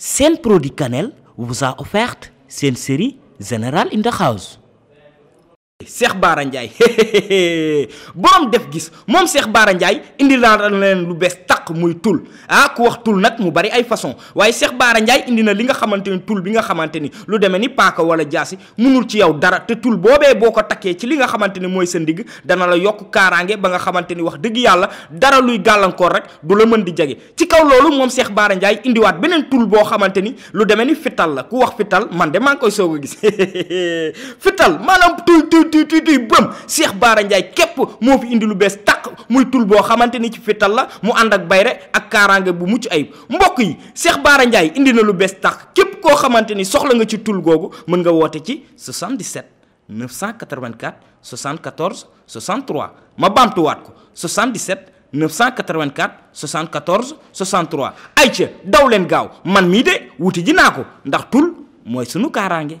seen produit cannelle vous a offert seen série Général in the House Cheikh Bara Ndiaye borom def gis moom seex baara Ndiaye indi laa leen lu bees taq muy tul ah ku wax tul nag mu bari ay façon waaye seex baara Ndiaye indi na li nga xamante ni tul bi nga xamante ni lu deme ni paaka wala jaasi munul ci yow dara te tul boobee boo ko takkee ci li nga xamante ni mooy sa ndigg dana la yokk kaaraange ba nga xamante ni wax dëgg yàlla dara luy gàllankoor rek du la mën di jege ci kaw loolu moom seex baara njaay indiwaat beneen tul boo xamante ni lu demee ni fital la ku wax fital man de maa ngi koy soog a gis tuy tuy tuy bëm Cheikh Bara képp moo fi indi lu bees tàq muy tul boo xamante ni ci fital la mu ànd ak bayre ak kaaraange bu mucc ayib mbokk yi Cheikh Bara Ndiaye indi na lu bees tàq képp koo xamante ni soxla nga ci tul googu mën nga woote ci 77 984 74 63 ma baamtuwaat ko 77 984 74 63 ayca daw leen gaaw man mii de wuti ji naa ko ndax tul mooy sunu kaaraange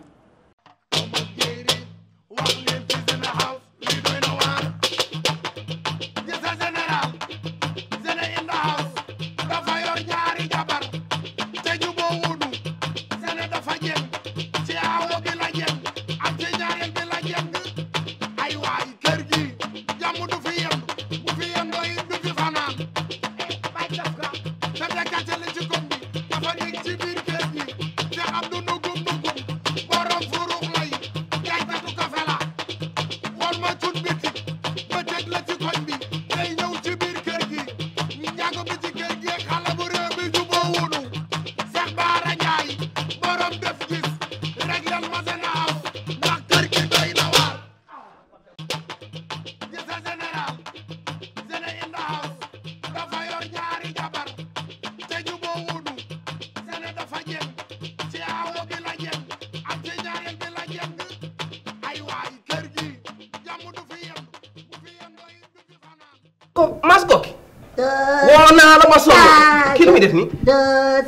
muy def nii. de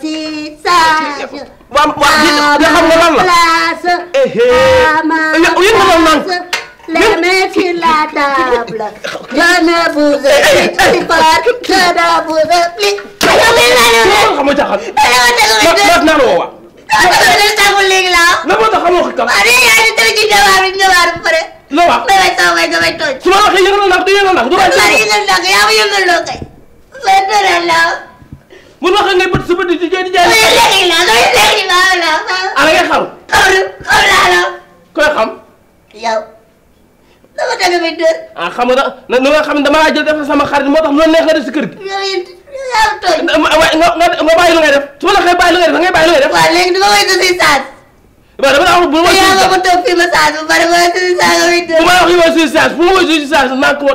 si saa. waaw waaw nga xam nga lan la. place. Clément eh, eh. eh, sur la table. Je ne vous explique pas. Je ne vous explique. xam nga caaxaan. ma ma ma wa. léegi laa. la moo tax xamoo ko kam. waaw léegi yaa ngi tëj ci jawaar bi ñëwaar bu pare. la waaw damay taw kay damay toj. su ma waxee yëngal ndax du yëngal ndax. du ma yëngal ndax yaa ma yëngal loo kay. ma tëral laa. mun wax ngay bët sa bët di jooy di jaay. ana ngay xam. xam. yow. dama tëgg ba dër. ah xam nga na nu nga xam ne damaa jël def sama xarit moo tax loolu neex nga def si kër gi. nga bàyyi lu ngay def su ma la xëy bàyyi ba pare ma ma may dër. bu ma ma dësi saas bu ma dësi saas naa ko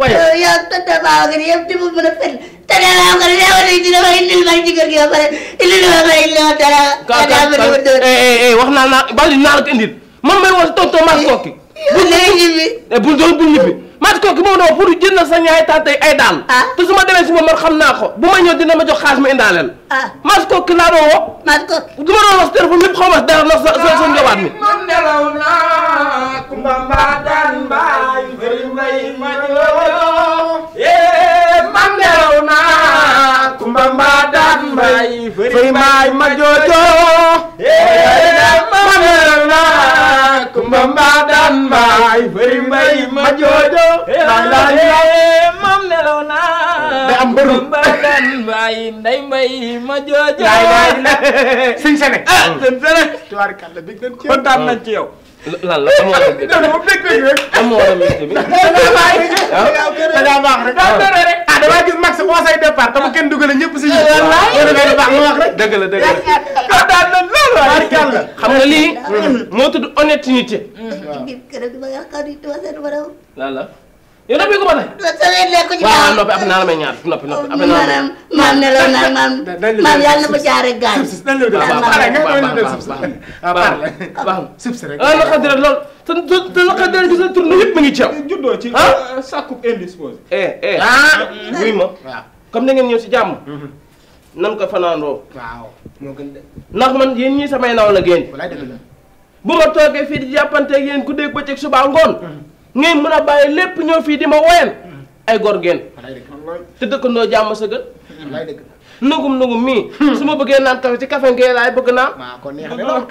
waaye yow tata baaw nga ni yow di ma mën a fen tata baaw nga ni yow dina ma indil ma ci kër gi ba pare indil ma ma indil ma dara. kaa kaa wax naa naa bali naa la ko indil man may wax tonton maa ngi toog ki. bul ñibbi bul doon bul ñibbi. maa ko ki moom na pour jënd sa ñaay taatay ay daal. Ah. su ma demee si moom man naa ko bu ma ñëw dina ma jox xaalis ma indaaleel. ah ko ki laa doon woo. maa ko ki du ma doon wax téléphone lépp xaw ma dara na ma joo. man nelaw naa kumba ko mbaa daan mbaay fëri mbay ma joojo laay laay mam nelaw naa da am mbëru mbaa daan mbaay nday mbay ma joojo laay laay la sëñ sene ah sëñ sene tuwaar kàlla bég nañ ci kontaan nañ ci yow lan la amoo rek amoo rek amoo rek amoo rek amoo rek damaa gis Max xoosay départ te bu kenn dugalee ñëpp si ñu. waaw ngay baax mu wax rek. dëgg la la kontaan na lool waaye xam nga moo tudd honnêteté. waaw ci biir kër gi ma nga xam ne dama seen borom. lan la yow noppi ko ba tey. waaw ñaar noppi maam ne la naan maam maam yàlla na ma jaaree gaañ. waaw waaw waaw waaw waaw waaw te te laqal dara gis na tournée yëpp mi ngi ci yow. Eh, juddoo ci ah? eh, sàkku indisposé. eh eh ah. wuy ma waaw comme da ngeen ñëw si jàmm. Mhm. nan ko fanaandoo. waaw moo gën de. ndax man yéen ñi samay na la génn. walaay dëgg la bu ma toogee fii di jàppanteeg yéen ku dégg bëccëg subaa ngoon. Mhm. ngeen mën a bàyyi lépp ñëw fii di ma woyal. Mhm. ay gor génn. te dëkkandoo jàmm sa gën. walaay nugum nugum mi hmm. su ma bëggee naan kafe ci café ngee laay bëgg naan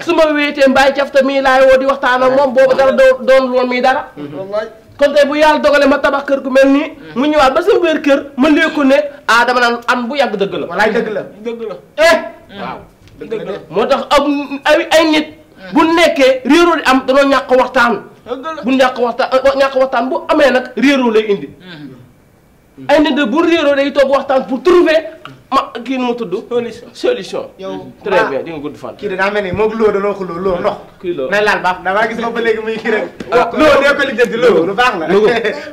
su ma wéetee mbaay cafta mii laay woo di waxtaan ak moom boobu dara doo doon loon mii dara hmm. kon tey bu yàlla dogale ma tabax kër gu mel nii hmm. mu ñëwaat ba sama biir kër ma léeku ne ah dama naan an bu yàgg dëgg la walaay dëgg la dëgg eh! moo tax ay ay nit bu nekkee réeroo di am danoo ñàkk waxtaan bu ñàkk waxtaan eh, eh, ñàkk waxtaan bu amee nag réeroo lay indi ay nit de bu réeroo day toog waxtaan pour trouver ma kii nu mu tudd. solution solution. yow très bien di nga kii de daa mel ni moom loo danoo ko loo loo ndox. kii na laal baax da maa kii rek. ah loo ko lijjanti loo lu la.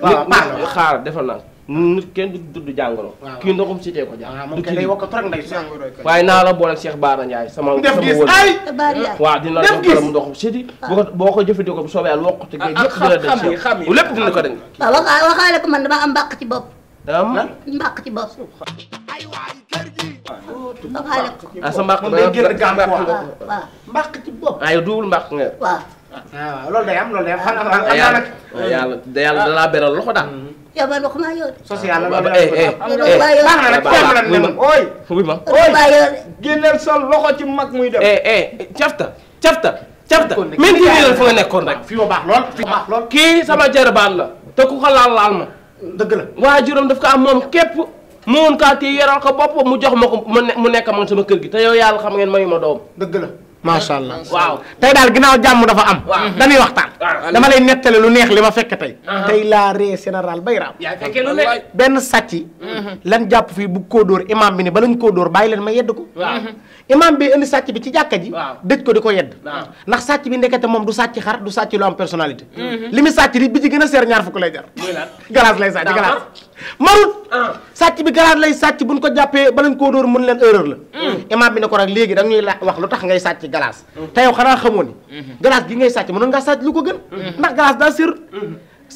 waaw baax la xaar defal naa nit kenn du dudd jàngoro. kii ndoxum si tee ko jàng. Ah, du kii waaye naa la boole Cheikh Baara Ndiaye sama. def gis ay waaw dina la jox mu ndoxum si di. boo ko boo ko jëfandikoo bu soobee yàlla wokk te géej yëpp ah, ah, dina dem ko dem. waaw waxaale ko man dama am ci bopp daa am lan mbaq ci bopp. nga xaale ko. ah sa mbaq day génn gàmm waaw waaw mbaq ci bopp. waaye duwul mbaq nga. waaw. waaw loolu day am loolu day am xam naa nag. yàlla yàlla da laa beral loxo daal. yow man waxumaa yow de. social la loolu la la génneel sa loxo ci mag muy dem. cafta cafta cafta. même kii la fa nga nekkoon rek. fi ma baax lool fi ma baax lool. kii sama jarbaan la te ku ko laal laal ma. dëgg la waajuram daf ko am moom képp mu woon kaa téye yaral ko bopp mu jox ma ko mu nekk man sama kër gi te yow yàlla xam ngeen mayu ma doom dëgg la macha allah waaw tey daal ginnaaw jàmm dafa am. dañuy waxtaan. dama lay nettali lu neex li ma fekk tey. tey laa ree général Bayram. yaa benn sàcc. Mhm. lan jàpp fii bu koo door imaam bi ne bala ñu door dóor bàyyi leen ma yedd ko. Mhm. imaam bi indi sàcc bi ci jàkka ji. dëj ko di ko yedd. ndax sàcc bi ndekete moom du sàcc xar du sàcc lu am personnalité. Mhm. li mu sàcc li bi ci gën a seer ñaar fukk lay jar. galaas lay sàcc galaas. marut ah. sàcc bi garaat lay sàcc buñ ko jàppee balañ koo door mën leen erreur la hmm. imaam bi ne ko rek léegi da ñuy la wax lu tax ngay sàcc glace hmm. te yow xanaa xamoo ni hmm. glace gi ngay sàcc mënoon ngaa lu ko gën ndax glace daa sér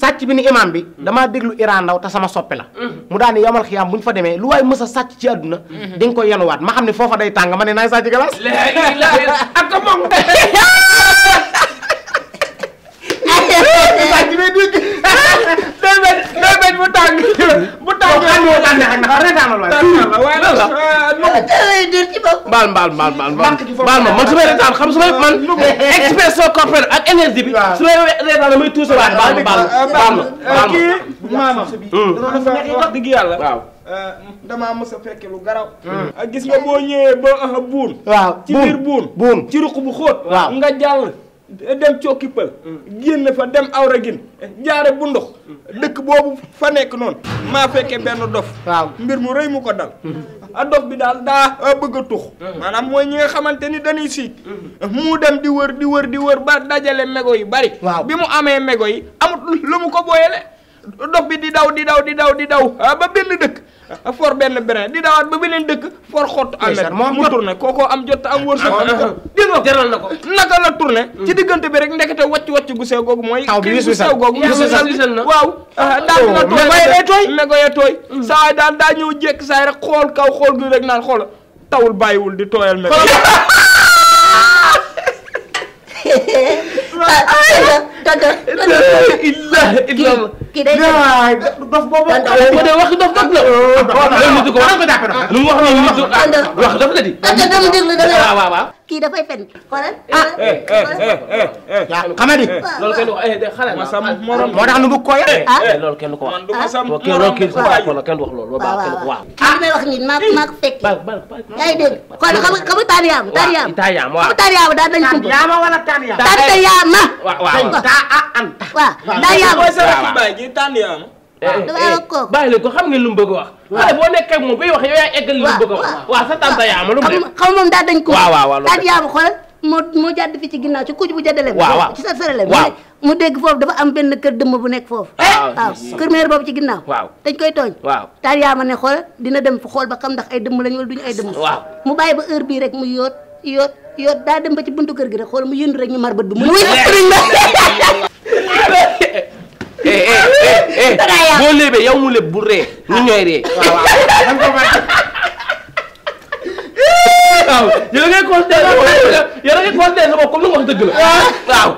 sàcc bi ni imaam bi damaa déglu Iran ndaw te sama soppe la mu daal ne yamal xiyaam bu ñu fa demee lu waaye mës a sàcc ci àdduna di nga koy yenuwaat ma xam ne foofa day tàng ma ne naay sàcc glace ak moom sàcc bi dégg day bañ day bañ bu tàng bu tàng moo tànn ak naka reetaanal waay waaye lan la mbaal mbaal mbaal mbaal mbaal ma man su may reetaan xam su may man expression corporelle ak énergie bi su may reetaan damay tuuse waat baal ma baal ma baal ma kii maama wax dëgg yàlla waaw damaa mës a fekke lu garaw gis nga boo ñëwee ba buun waaw ci biir buun buun ci ruq bu xóot waaw nga jàll dem cokki pël génn fa dem awragin jaare bu ndox dëkk boobu fa nekk noonu maa fekke benn dof waaw mbir mu rëy mu ko dal a dof bi daal daa bëgg a tux hmm. maanaam mooy ñi nga xamante ni dañuy siig mu dem di wër di wër di wër ba dajale mego yi bari bi mu amee mego yi amut lu mu ko booyele dog bi di daw di daw di daw di daw ah, ba benn dëkk ah, for benn benn di dawaat ba beneen dëkk for xott amet mu tourné kookoo am jot am wërsëg ah, dégg nga jaral na ko naka la tourné mm. ci diggante bi rek ndekete wàcc wàcc gu sew googu mooy taw bi gu sew googu waaw oh. daal dina tooy megoye tooy saa daal daa ñëw jekk saay rek xool kaw xool gi rek naan xool tawul bàyyiwul di tooyal megoye tonton. illah illah. kii day dof boobu. tonton de wax dof dof la. ko wax lu mu wax noonu wax dof la di. tonton dama déglu dama wax waaw waaw. kii dafay fen. xoolal. Eh, eh, eh, ah xamadi. loolu kenn du ko xale ma sàmm morom moo tax nu bëgg ko yore. ah loolu kenn du ko wax. ah loolu kenn du ko wax loolu kenn du wax loolu. waaw waaw kii may wax nii maa maa ko fekk. yaa ngi dégg xool xam nga xam nga taaliyaam. taaliyaam waaw taaliyaam waaw. xam nga taaliyaam daal dañ. taaliyaam wala taaliyaam. taaliyaam saa anta. waaw daa yàlla mooy sa rakk baay ji tànn yaa eh, eh, ko xam ngeen lu mu bëgg wax. waaw xale boo nekkee moom wax yow yaa eggal lu xam moom daa dañ ko. waaw waaw yaa ma moo moo jàdd fi ci ginnaaw ci kuuj bu jàddalee. waaw waaw sa sërale waaw mu dégg foofu kër dëmm bu nekk foofu. Ah, eh? boobu ci ginnaaw. waaw dañ koy tooñ. waaw taal yaa ma ne xoolal dina dem fa xool ba xam ndax ay dëmm lañu wala duñu ay dëmm. waaw mu bàyyi ba heure bii rek mu yóot yow yow daa dem ba ci buntu kër gi rek xool mu yëndu rek ñu mar bët bi. mu wéy boo léebee yow mu léeb bu ree ñu ree. waaw yow da ngay considéré yow da ngay considéré sa bopp comme li nga wax dëgg la. Ah. waaw.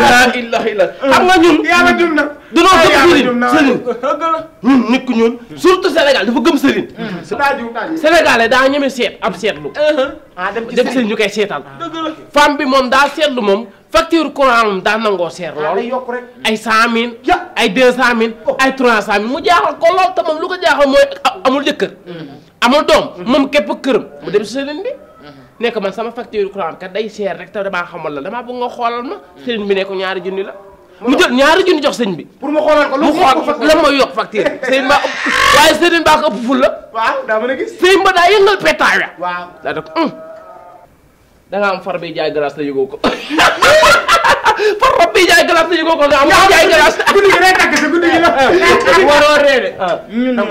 la ilaha illa xam nga ñun. yàlla dum na dunoo gëm ah, Serigne Serigne. ñun nit ku ñuul surtout Sénégal dafa gëm Serigne. Mm. Sénégalais daa ñeme seet ab seetlu. Uh-huh. Ah, ah dem dem Serigne ñu koy seetal. femme bi moom daa seetlu moom. facture courant moom daan nangoo seer lool ay cent mille ay deux cent mille oh. ay trois cent mille mu jaaxal ko lool te moom lu ko jaaxal mooy amul jëkkër mm. amul doom moom képp kër mu dem sëriñ bi nekk man sama facture courant kat day seer rek te damaa xamal la damaa bëgg nga xoolal ma sëriñ bi ne ñaari junni la mu jël ñaari junni jox sëñ bi pour mu xoolal ko lu xool la mooy yokk facture bi sëriñ baa ëpp waaye a gis daa yëngal pétaay wa waaw daa am far bi jaay glace la yëgoo far far bi jaay glace la yëgoo ko nga am jaay glace guddi gi day tàkk sa guddi gi la waroo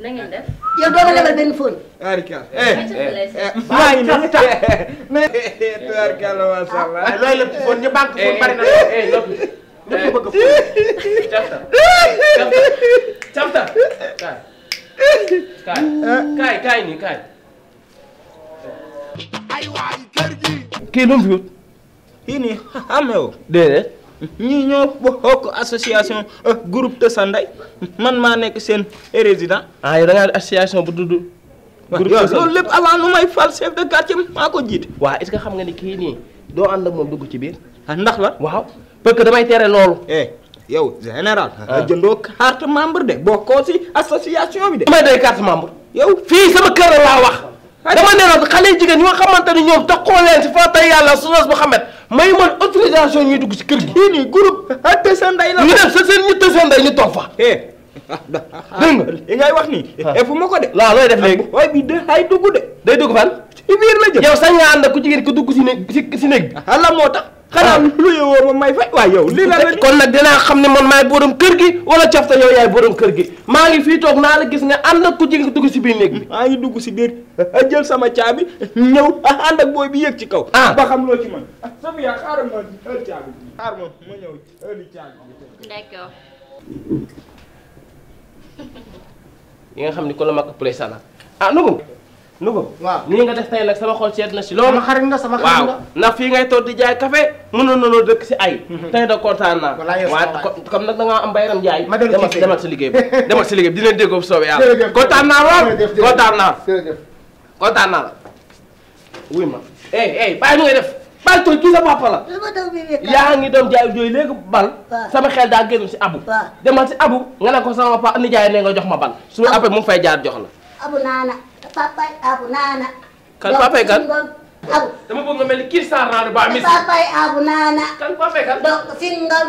na ngeen def. yow doo ma lebal benn fóon. tubaarkalla. maa ngi nii tax tubaarkalla eh, eh, macha ah. allah. looy leb fóon ñu banque fóon bari na eh, lool. ñëpp bëgg fóon. cafta cafta cafta. kaay kaay kaay nii kaay. kii lu mu fi wut. kii nii xamee woo. déedéet. ñii ñoo bokk association euh, groupe te sa ndey man maa nekk seen résident. ah yow da association bu dudd. groupe te sa lépp avant nu may fal chef de quartier maa ko jiite. waaw est-ce que xam nga ni kii nii doo ànd ak dugg ci biir. Ah, ndax la waaw parce que damay tere loolu. Eh, yow général. waaw ah. jëndoo carte membre de boo si association bi de. damay doy carte membre. yow fii sama kër laa wax. Ah, dama ne la xale jigéen ñi nga xamante ni ñoom taxoo leen si fa tey yàlla su may man autorisation ñuy dugg si kër gi. kii a groupe ah Tessène Ndeye la. ñu def sa seen ñu Tessène Ndeye ñu toog fa. Eh. dégg nga li ngay wax ni ah eh, fu ma ko de. waaw looy def léegi. waaye bii de ay dugg de. day dugg fan. ci biir la jëm yow sañ nga ànd ak ku jigéen ku dugg si néeg si nekk bi. ala ah, moo tax. xanaa ah. may fay waaye yow lii la la kon nag dinaa xam ne man maay borom kër gi wala cafta yow yaay borom kër gi maa ngi fii toog naa la gis nga ànd ak ku jigéen dugg si biir néeg bi maa ngi dugg si biir a jël sama caabi ñëw ànd ak booy bi yéeg ci kaw ah. ba xam loo ci man ah, sama yaa xaaral ma heure nga xam ne ku la mag Ndouga waaw nii nga def tey nag sama xol seet na si loolu. na xarit nga sama xarit nga waaw ndax fii ngay toog di jaay café mënoon nañoo dëkk si ay. tey da kontaan naa. walaayee waaw comme nag da ngaa jaay. ma dem ci demal si liggéey bi demal si liggéey bi dina déggoo bu soobee yàlla. jërëjëf kontaan naa lool kontaan naa. naa la. wuy ma eh eh bàyyi nu ngay def bàyyi tooy kii sa papa la. yaa ngi doon jaay jooy léegi bal. sama xel daa génn si abu. demal si abu nga ne ko sama papa nijaay ne nga jox ma bal. su après mu fay jaar jox la. papay abu naana. kan papay kan abu. dama bëgg nga mel ni kii Sarr naa ba amis. papay abu naana. kan papay kan donc singam.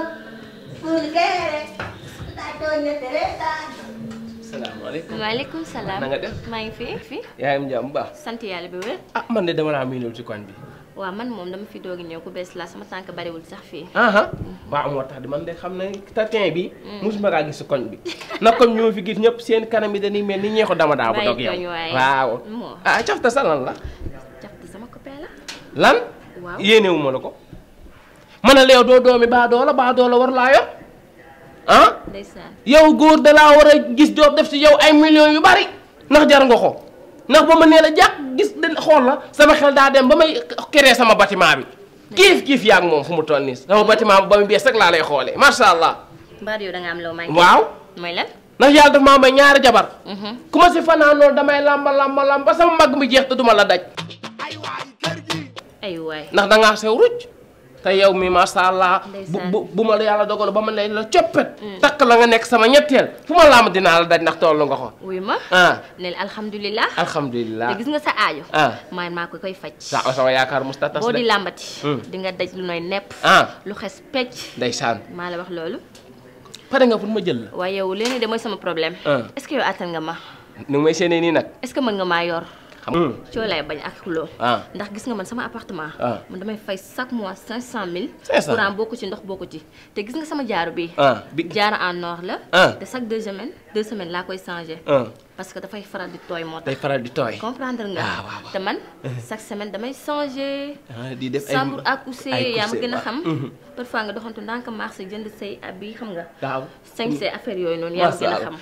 salaamaaleykum waaleykum salaam. na nga def maa ngi fi fi. yaa ngi am jàmm bu baax. sant yàlla bi wér. ah man de dama laa miinul ci koñ bi. waaw man moom dama fi doogi ñëw ku bees laa sama tànk bariwul sax fii waaw moo tax di man de xam ne tatin bi mm. mosuma kaa gis si koñ bi na koñ ñoo fi gis ñëpp seen kanam yi dañuy mel ni ñeexu dama daa bu dog yow waaw ah cafta sa lan la cafta sama copain la lan waaw yéenewu la ko ma ne la yow doo doomi baa doola baa doola war laa yor ah yow góor da war a gis doob def si yow ay millions yu bari ndax jar nga ko ndax ba ma nee la jàkk gis xool la sama xel daa dem ba may créer sama bâtiment bi kiif kiif yaa ak moom fu mu toll nii sama bâtiment bi ba mu bees rek laa lay xoolee macha allah. da nga am loo may. waaw mooy ndax yàlla dafa maa may ñaari jabar. Mhm. ku ma si fanaanoon damay lamba lamba lamba sama mag mi jeex te duma la daj. ay waay kër gi. ay ndax da sew rucc. te yow mi macha allah. bu bu ma la yàlla dogal ba ma ne la coppet. takk la nga nekk sama ñetteel fu ma laam dinaa la daj ndax toolu nga ko. wuy ma ah ne alhamdulilah. alhamdulilah gis nga sa aajo. ah maa ko koy faj. sa sama yaakaar musta tas de boo di làmbati. Hmm. di nga daj lu nooy nepp. Ah. lu xes pecc. ndeysaan maa la wax loolu. pare nga pour ma jël la. waaye yow léegi de mooy sama problème. Ah. est-ce que nga ma. nu may séenee nii nag. est-ce que mën nga maa yor. xam nga hmm. cooy laay bañ ak xuloo ah. ndax gis nga man sama appartement ah. man damay fay chaque mois cinq cent mille courant bokku ci ndox bokku ci te gis nga sama jaaru bi ah. jaaru en or la te chaque deux semaines deux semaines laa koy changé parce que dafay faral di tooy moo tax day faral di tooy comprendre nga te man chaque semaine damay changé di def ay chambre à coucher yaa ma gën a xam mm-hmm. parfois nga doxantu ndànk marché jënd say ab yi xam nga waaw sañ say affaire yooyu noonu yaa ma gën a xam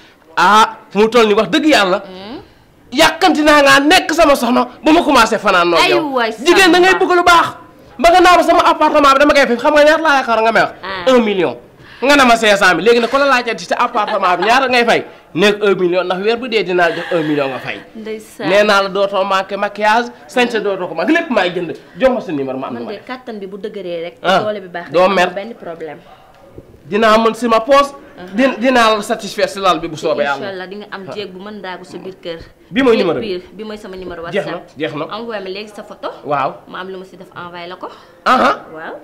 ah fu mu toll nii wax dëgg yàlla mm. yàkkanti naa ngaa nekk sama soxna ba ma commencé fanaan noonu yow jigéen da ngay bëgg lu baax ba nga naaw sama appartement bi dama koy fi xam nga ñaata laa yaakaar nga may wax ah. million nga ne ma cinq cent mille léegi nag ku la laajee ci sa appartement bi ñaata fay nekk un million ndax weer bu dee dinaa jox un million nga fay nee naa la dootoo manqué maquillage sañse mm. dootoo ko manqué lépp maay jënd jox ma sa numéro am man de kattan bu dëgëree rek ah. doole bi doo mer dinaa mën si ma poos. di dinaa la satisfaire si laal bi bu soobee yàlla. incha allah di nga am ah. jéeg bu mën daagu sa biir kër. bi mooy numéro bi bi mooy sama numéro. whatsapp jeex na jeex na envoyé ma léegi sa photo. waaw ma am lu ma si def envoyé la ko. Ah, ah. waaw.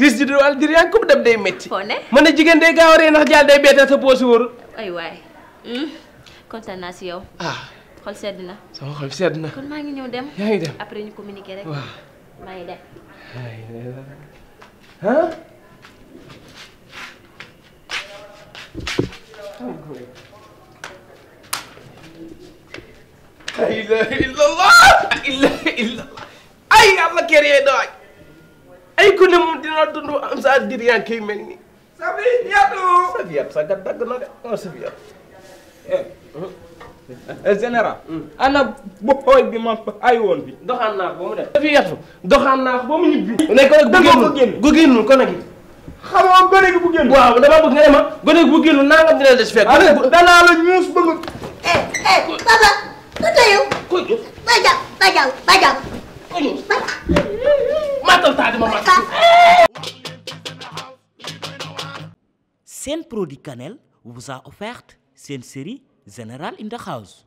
risque di wàllu dir yaa ngi ko dem day métti. foo ne mën na jigéen day gaaw a rey ndax jaal day beeta sa poos wóoru. ay waay hmm. kontaan naa si yow. ah xol sedd na. sama xol sedd na. kon maa ngi ñëw dem. yaa ngi dem après ñu communiquer rek. waaw maa ngi dem. ah. la ilaha illallah la ilaha ay yàlla kër ay ku ne moom dina dund am sa diriyan kay mel Safiyatu Safiyatu sa gat dagg na de ah oh, Safiyatu eh, eh, général ana booy bi ma ay woon bi doxaan naa ko mu def Safiyatu doxaan naa ko ba mu ñibbi ne ko nag gu génn gu génnul ko nag xamoo gone gi bu génn. waaw damaa bëgg nga ne ma gone gi bu génn nangam dina des fekk. danaa la ñuus ba nga. eh eh papa. ku tëyew. ku tëyew. ba jàpp ba jàpp ba jàpp. ku ñuus. matal taa di ma matal. seen produit cannelle vous a offert seen série général in the house.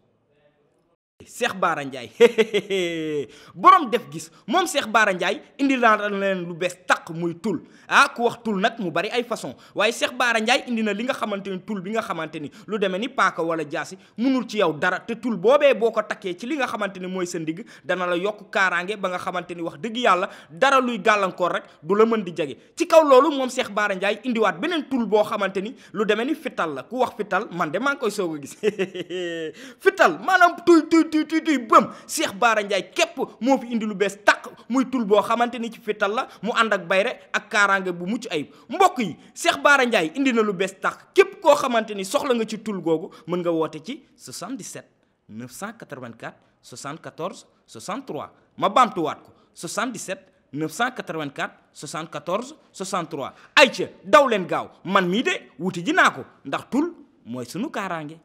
Cheikh Bara Ndiaye borom def gis moom Cheikh Bara Ndiaye indi laa leen lu bees àq muy tul ah ku wax tul nag mu bari ay façon waaye seex Baara Ndiaye indi na li nga xamante ni tul bi nga xamante ni lu demee ni paaka wala jaasi munul ci yow dara te tul boobee boo ko takkee ci li nga xamante ni mooy sa ndigg dana la yokk kaaraange ba nga xamante ni wax dëgg yàlla dara luy gàllankoor rek du la mën di jege ci kaw loolu moom seex Baara njaay indiwaat beneen tul boo xamante ni lu demee ni fital la ku wax fital man de maa koy soog a gis fital maanaam tuy tuy tuy tuy tuy bëm Cheikh képp moo indi lu bees tàq muy tul boo xamante ni ci fital la mu ànd bayre ak kaaraange bu mucc ayib mbokk yi seex baara Ndiaye indi na lu bees tax képp koo xamante ni soxla nga ci tul googu mën nga woote ci 77 984 74 63 ma baamtuwaat ko 77 984 74 63 ayca daw leen gaaw man mii de wuti ji naa ko ndax tul mooy sunu kaaraange.